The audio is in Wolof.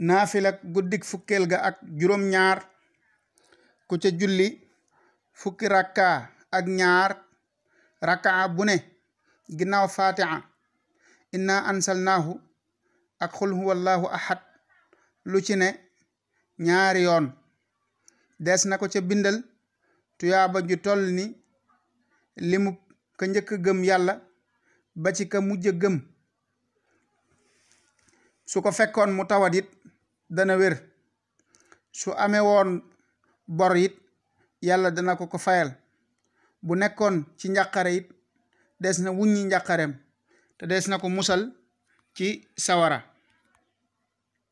naafila guddik fukkeel ga ak juróom-ñaar ku ca julli fukki rakka ak ñaar rakka bu ne ginnaaw fatiha inna ansalnaahu ak xul huwallaahu ahad lu ci ne ñaari yoon des na ko ca bindal tuyaaba ju toll ni limu ka njëkk gëm yàlla ba ci ka mujj gëm su ko fekkoon mu tawat dana wér su amee woon bor it yàlla dana ko ko fayal bu nekkoon ci njàqare it des na wuññi njàqareem te des na ko musal ci sawara